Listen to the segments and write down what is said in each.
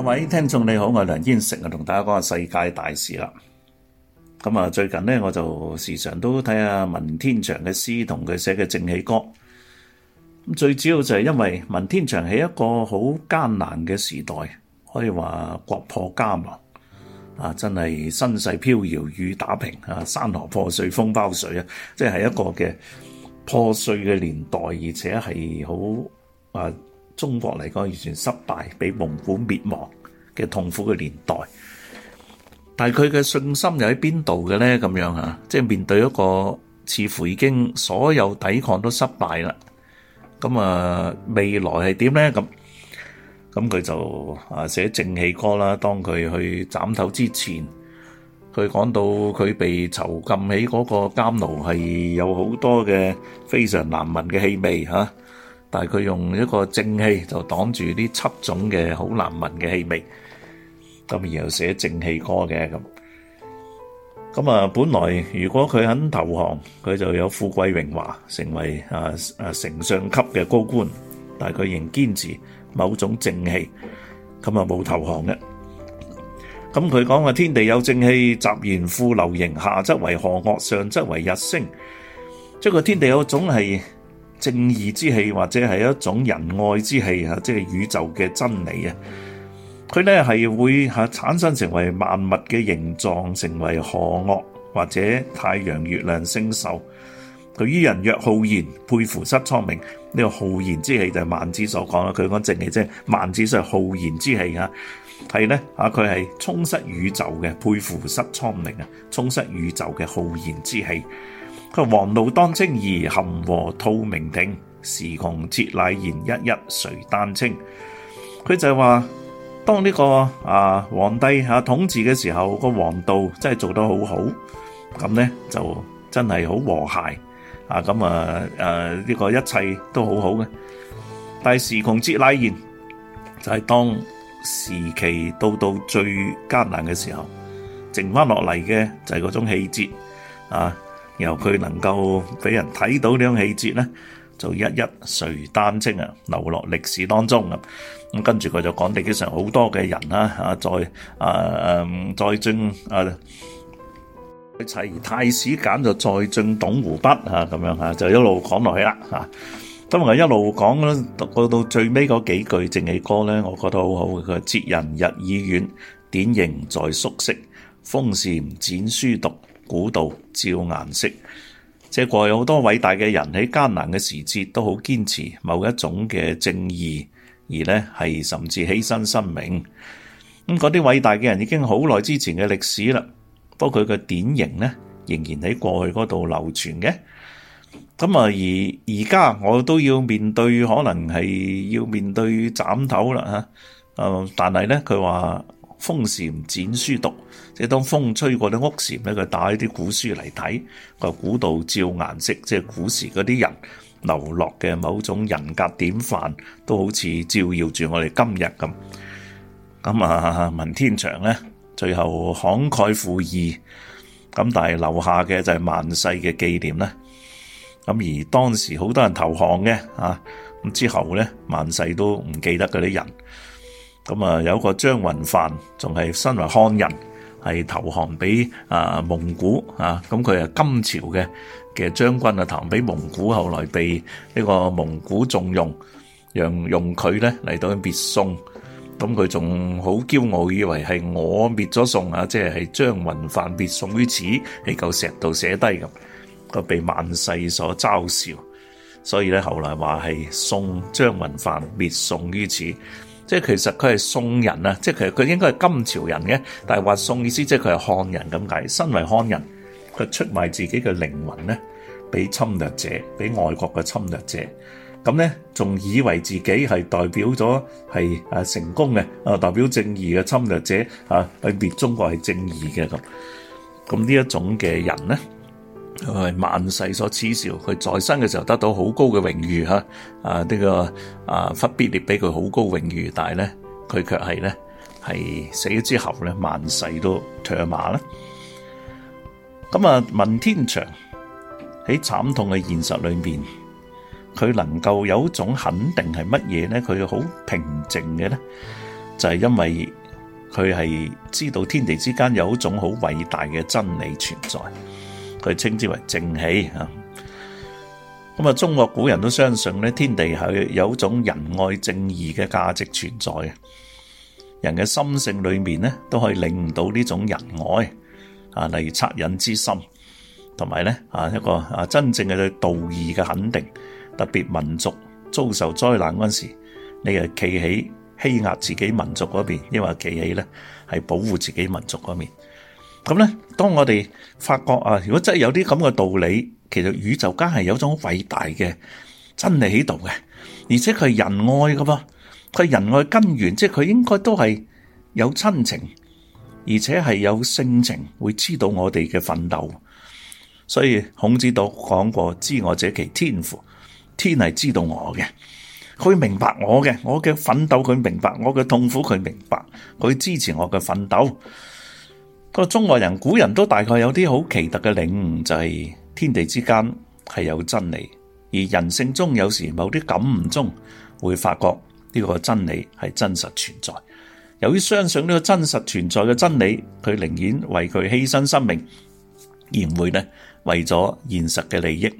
各位聽眾你好，我係梁燕城，我同大家講下世界大事啦。咁啊，最近咧我就時常都睇下文天祥嘅詩同佢寫嘅正氣歌。咁最主要就係因為文天祥喺一個好艱難嘅時代，可以話國破家亡啊，真係身世飄搖，雨打萍啊，山河破碎，風包水啊，即係一個嘅破碎嘅年代，而且係好啊。中國嚟講完全失敗，俾蒙古滅亡嘅痛苦嘅年代。但係佢嘅信心又喺邊度嘅咧？咁樣嚇，即係面對一個似乎已經所有抵抗都失敗啦。咁啊，未來係點咧？咁咁佢就啊寫《正氣歌》啦，當佢去斬頭之前，佢講到佢被囚禁喺嗰個監牢係有好多嘅非常難聞嘅氣味嚇。但係佢用一個正氣就擋住啲七種嘅好難聞嘅氣味，咁然後寫正氣歌嘅咁。咁啊，本來如果佢肯投降，佢就有富貴榮華，成為啊啊丞相級嘅高官。但係佢仍堅持某種正氣，咁啊冇投降嘅。咁佢講話天地有正氣，雜然賦流形，下則為河岳，上則為日星。即係個天地有種係。正義之氣或者係一種仁愛之氣啊，即係宇宙嘅真理啊，佢咧係會嚇產生成為萬物嘅形狀，成為河嶽或者太陽、月亮星、星宿。對於人曰浩然，沛乎塞蒼冥呢、這個浩然之氣就係孟子所講啦。佢講正氣即係孟子所謂浩然之氣啊，係咧啊，佢係充塞宇宙嘅沛乎塞蒼冥啊，充塞宇宙嘅浩然之氣。佢話：皇道當清夷，含和吐明庭。時窮節乃現，一一垂丹青。佢就係話：當呢、這個啊皇帝嚇、啊、統治嘅時候，個皇道真係做得好好，咁咧就真係好和諧啊！咁啊誒呢、啊這個一切都好好嘅。但係時窮節乃現，就係、是、當時期到到最艱難嘅時候，剩翻落嚟嘅就係嗰種氣節啊！由佢能夠俾人睇到呢種氣節呢，就一一垂丹青流落歷史當中，跟住佢就講歷史上好多嘅人啦，啊，在啊,啊,在齊太史簡就在晉董狐筆咁、啊、樣就一路講落去啦嚇。因為一路講到到最尾嗰幾句正氣歌呢，我覺得好好嘅，佢哲人日已遠，典型在夙昔，風簷展書讀。古道照顏色，即係過去好多偉大嘅人喺艱難嘅時節都好堅持某一種嘅正義，而呢係甚至犧牲生命。咁嗰啲偉大嘅人已經好耐之前嘅歷史啦，不過佢嘅典型呢仍然喺過去嗰度流傳嘅。咁啊，而而家我都要面對，可能係要面對斬頭啦吓。但係呢，佢話。風簷展書讀，即係當風吹過啲屋檐咧，佢打啲古書嚟睇，佢古道照顏色，即係古時嗰啲人留落嘅某種人格典範，都好似照耀住我哋今日咁。咁啊，文天祥咧，最後慷慨赴義，咁但係留下嘅就係萬世嘅紀念啦。咁而當時好多人投降嘅，啊咁之後咧，萬世都唔記得嗰啲人。咁啊，有個張雲帆仲係身為漢人，係、啊、投降俾啊蒙古啊，咁佢係金朝嘅嘅將軍啊，投俾蒙古，後來被呢個蒙古重用，讓用佢咧嚟到滅宋。咁佢仲好驕傲，以為係我滅咗宋啊，即係係張雲帆滅宋於此，喺個石度寫低咁，佢被萬世所嘲笑。所以咧，後來話係宋張雲帆滅宋於此。即係其實佢係宋人啊！即係其實佢應該係金朝人嘅，但係話宋意思即係佢係漢人咁解。身為漢人，佢出賣自己嘅靈魂咧，俾侵略者，俾外國嘅侵略者。咁咧，仲以為自己係代表咗係啊成功嘅啊代表正義嘅侵略者啊去滅中國係正義嘅咁。咁呢一種嘅人咧。佢、哎、係萬世所恥笑，佢在生嘅時候得到好高嘅榮譽吓，啊呢、這個啊忽必烈俾佢好高榮譽，但係咧佢卻係咧係死咗之後咧萬世都唾罵啦。咁啊，啊文天祥喺慘痛嘅現實裏面，佢能夠有一種肯定係乜嘢咧？佢好平靜嘅咧，就係、是、因為佢係知道天地之間有一種好偉大嘅真理存在。佢稱之為正氣啊！咁啊，中國古人都相信咧，天地係有一種仁愛正義嘅價值存在嘅。人嘅心性裏面咧，都可以令到呢種仁愛啊，例如惻隱之心，同埋咧啊一個啊真正嘅對道義嘅肯定。特別民族遭受災難嗰時，你係企起欺壓自己民族嗰邊，因為企起咧係保護自己民族嗰邊。咁咧，當我哋發覺啊，如果真係有啲咁嘅道理，其實宇宙間係有種偉大嘅真理喺度嘅，而且佢係仁愛噶噃，佢係仁愛根源，即係佢應該都係有親情，而且係有性情，會知道我哋嘅奮鬥。所以孔子都講過，知我者其天父，天係知道我嘅，佢明白我嘅，我嘅奮鬥佢明白，我嘅痛苦佢明白，佢支持我嘅奮鬥。個中外人古人都大概有啲好奇特嘅領悟，就係天地之間係有真理，而人性中有時某啲感悟中會發覺呢個真理係真實存在。由於相信呢個真實存在嘅真理，佢寧願為佢犧牲生命，而唔會呢為咗現實嘅利益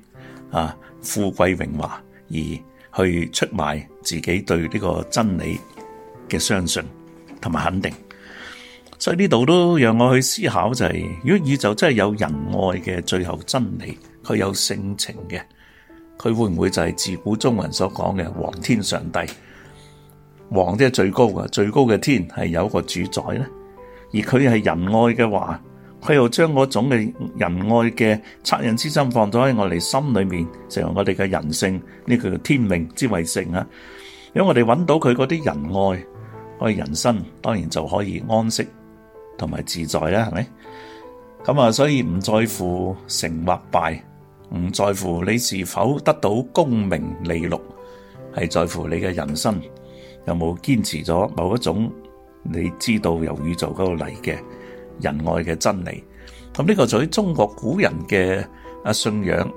啊富貴榮華，而去出賣自己對呢個真理嘅相信同埋肯定。所以呢度都讓我去思考，就是，就係如果宇宙真係有仁愛嘅最後真理，佢有性情嘅，佢會唔會就係自古中文所講嘅皇天上帝？皇即係最高嘅，最高嘅天係有一個主宰呢，而佢係仁愛嘅話，佢又將嗰種嘅仁愛嘅惻隱之心放咗喺我哋心裏面，成為我哋嘅人性呢個叫天命之謂性啊。如果我哋揾到佢嗰啲仁愛，我哋人生當然就可以安息。同埋自在啦，係咪？咁啊，所以唔在乎成或敗，唔在乎你是否得到功名利祿，係在乎你嘅人生有冇堅持咗某一種你知道由宇宙嗰度嚟嘅仁愛嘅真理。咁呢個在中國古人嘅啊信仰，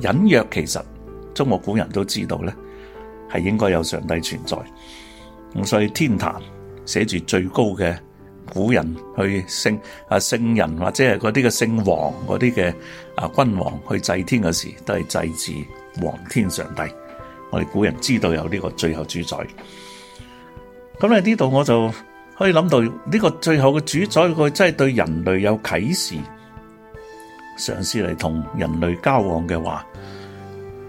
隱約其實中國古人都知道咧，係應該有上帝存在。咁所以天壇寫住最高嘅。古人去聖啊聖人或者係嗰啲嘅聖王嗰啲嘅啊君王去祭天嘅時，都係祭祀皇天上帝。我哋古人知道有呢個最後主宰。咁咧呢度我就可以諗到呢個最後嘅主宰，佢真係對人類有啟示，嘗試嚟同人類交往嘅話，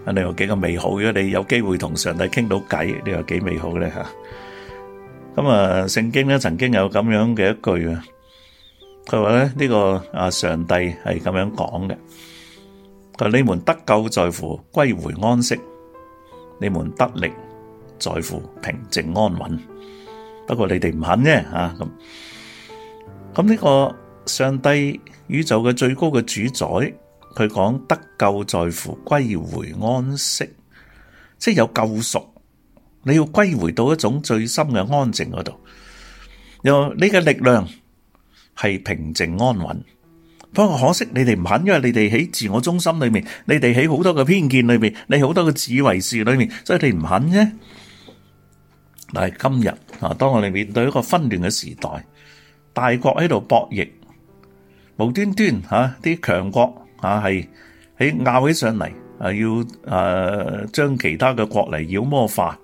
啊你有幾個美好嘅？你有機會同上帝傾到偈，你又幾美好咧吓！咁啊，聖經咧曾經有咁樣嘅一句啊，佢話咧呢個啊上帝係咁樣講嘅，佢話你們得救在乎歸回安息，你們得力在乎平靜安穩。不過你哋唔肯啫啊咁。咁呢個上帝宇宙嘅最高嘅主宰，佢講得救在乎歸回安息，即係有救贖。你要歸回到一種最深嘅安靜嗰度，你嘅力量係平靜安穩。不過可惜你哋唔肯，因為你哋喺自我中心裏面，你哋喺好多嘅偏見裏面，你好多嘅自以為是裏面，所以你唔肯啫。但係今日啊，當我哋面對一個分亂嘅時代，大國喺度博弈，無端端嚇啲強國啊係喺拗起上嚟，係要誒將其他嘅國嚟妖魔化。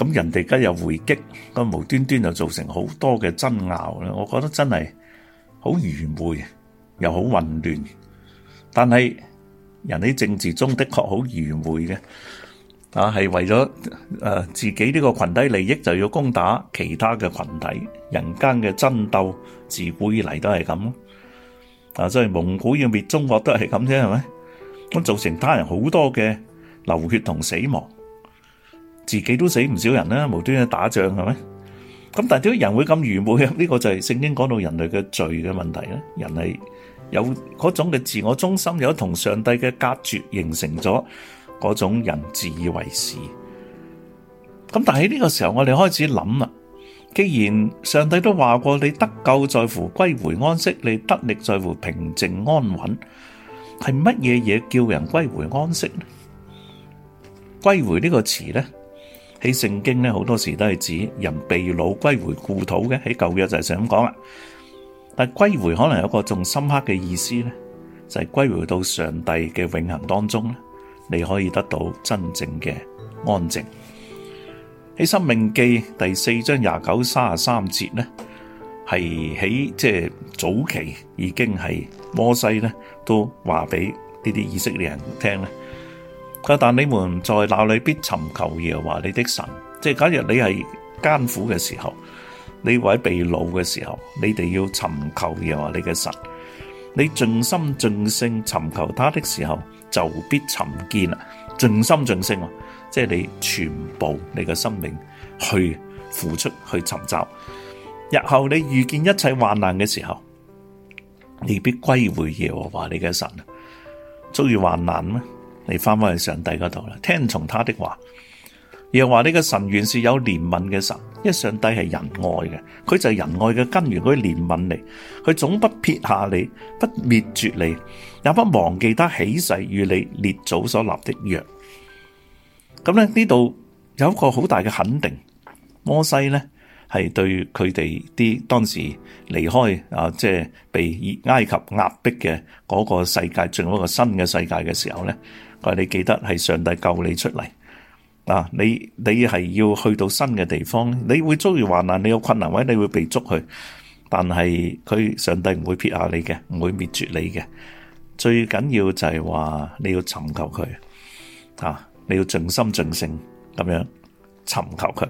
咁人哋而家又回擊，咁無端端就造成好多嘅爭拗啦！我覺得真係好愚昧，又好混亂。但係人喺政治中的確好愚昧嘅，啊係為咗誒自己呢個羣體利益，就要攻打其他嘅羣體。人間嘅爭鬥自古以嚟都係咁，啊，即係蒙古要滅中國都係咁啫，係咪？咁造成他人好多嘅流血同死亡。自己都死唔少人啦，無端嘅打仗係咪？咁但係點解人會咁愚昧？呢個就係聖經講到人類嘅罪嘅問題啦。人係有嗰種嘅自我中心，有同上帝嘅隔絕，形成咗嗰種人自以為是。咁但係喺呢個時候，我哋開始諗啦。既然上帝都話過，你得救在乎歸回安息，你得力在乎平靜安穩，係乜嘢嘢叫人歸回安息呢？歸回呢個詞咧？喺聖經咧，好多時都係指人被擄歸回故土嘅，喺舊約就係想咁講啦。但係歸回可能有一個仲深刻嘅意思咧，就係歸回到上帝嘅永恆當中咧，你可以得到真正嘅安靜。喺申命記第四章廿九三十三節咧，係喺即係早期已經係摩西咧都話俾呢啲以色列人聽咧。但你們在那裡必尋求耶和華你的神，即係假如你係艱苦嘅時候，你位被擄嘅時候，你哋要尋求耶和華你嘅神，你盡心盡性尋求他的時候，就必尋見啊！盡心盡性啊！即係你全部你嘅生命去付出去尋找，日後你遇見一切患難嘅時候，你必歸回耶和華你嘅神。遭遇患難咩？你翻翻去上帝嗰度啦，聽從祂的話。又話你個神原是有憐憫嘅神，因為上帝係仁愛嘅，佢就係仁愛嘅根源，佢憐憫你，佢總不撇下你不滅絕你，也不忘記他起誓與你列祖所立的約。咁咧呢度有一個好大嘅肯定，摩西咧。係對佢哋啲當時離開啊，即係被埃及壓迫嘅嗰個世界，進入一個新嘅世界嘅時候咧，佢話：你記得係上帝救你出嚟啊！你你係要去到新嘅地方，你會遭遇患難，你有困難位，你會被捉去，但係佢上帝唔會撇下你嘅，唔會滅絕你嘅。最緊要就係話你要尋求佢啊！你要盡心盡性咁樣尋求佢。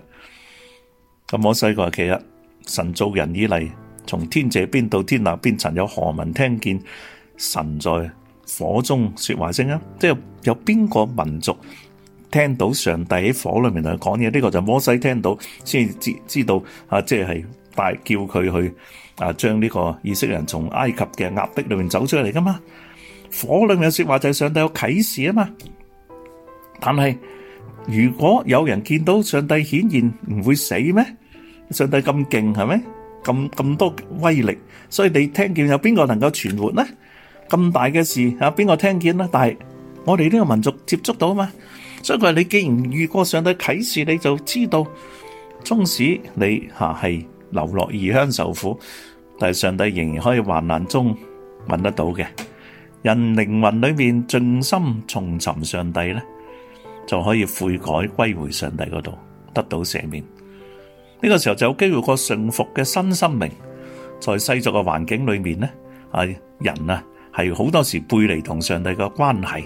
咁摩西嘅話，其實神造人以嚟，從天這邊到天那邊，曾有何民聽見神在火中說話聲啊？即係有邊個民族聽到上帝喺火裏面嚟講嘢？呢、這個就摩西聽到，先至知知道啊，即係大叫佢去啊，將呢個以色列人從埃及嘅壓迫裏面走出嚟噶嘛。火裏面嘅說話就係上帝有啟示啊嘛。但係。如果有人見到上帝顯現，唔會死咩？上帝咁勁係咪？咁咁多威力，所以你聽見有邊個能夠存活呢？咁大嘅事啊，邊個聽見呢？但係我哋呢個民族接觸到啊嘛，所以佢話你既然遇過上帝啟示，你就知道，縱使你嚇係流落異鄉受苦，但係上帝仍然可以患難中揾得到嘅人靈魂裏面盡心重尋上帝呢。就可以悔改歸回上帝嗰度，得到赦免。呢個時候就有機會個順服嘅新生命，在世俗嘅環境裏面咧，啊人啊係好多時背離同上帝嘅關係，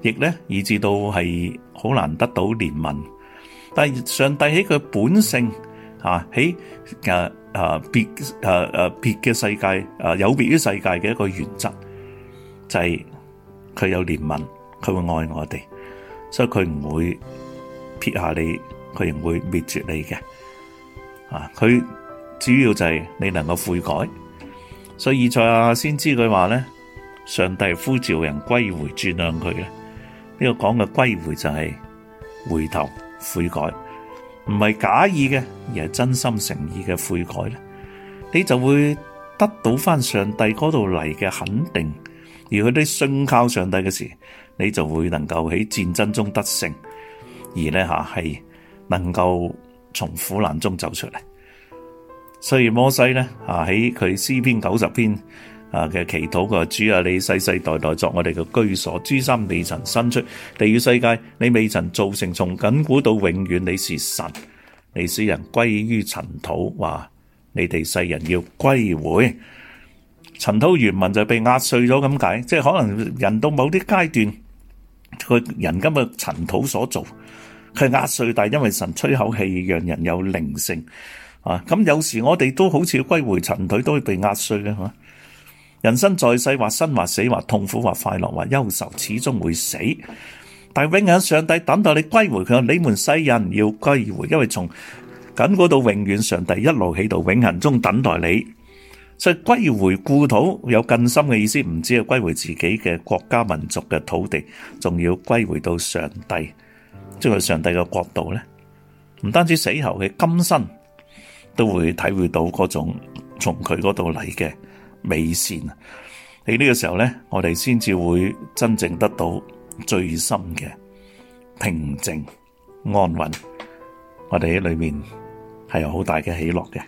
亦咧以致到係好難得到憐憫。但係上帝喺佢本性啊，喺誒誒別誒誒別嘅世界誒有別於世界嘅一個原則，就係佢有憐憫，佢會愛我哋。所以佢唔會撇下你，佢亦唔會滅絕你嘅。啊，佢主要就係你能夠悔改。所以在下先知佢話咧，上帝呼召人歸回，轉向佢嘅。呢個講嘅歸回就係回頭悔改，唔係假意嘅，而係真心誠意嘅悔改咧。你就會得到翻上帝嗰度嚟嘅肯定。而佢哋信靠上帝嘅時，你就會能夠喺戰爭中得勝，而呢吓係能夠從苦難中走出嚟。雖然摩西呢啊喺佢詩篇九十篇啊嘅祈禱個主啊，你世世代代作我哋嘅居所，諸山未曾生出，地與世界你未曾造成，從亘古到永遠你是神，你使人歸於塵土，話你哋世人要歸回。塵土原文就被壓碎咗咁解，即係可能人到某啲階段，佢人今日塵土所做，佢壓碎，但係因為神吹口氣，讓人有靈性啊！咁有時我哋都好似要歸回塵土，都會被壓碎嘅，係嘛？人生在世或生或死或痛苦或快樂或憂愁，始終會死，但係永恒上帝等待你歸回佢，你們世人要歸回，因為從緊嗰度永遠上帝一路喺度永恒中等待你。所以歸回故土有更深嘅意思，唔止係歸回自己嘅國家民族嘅土地，仲要歸回到上帝，即係上帝嘅國度呢。唔單止死後嘅今生，都會體會到嗰種從佢嗰度嚟嘅美善。喺呢個時候呢，我哋先至會真正得到最深嘅平靜安穩。我哋喺裏面係有好大嘅喜樂嘅。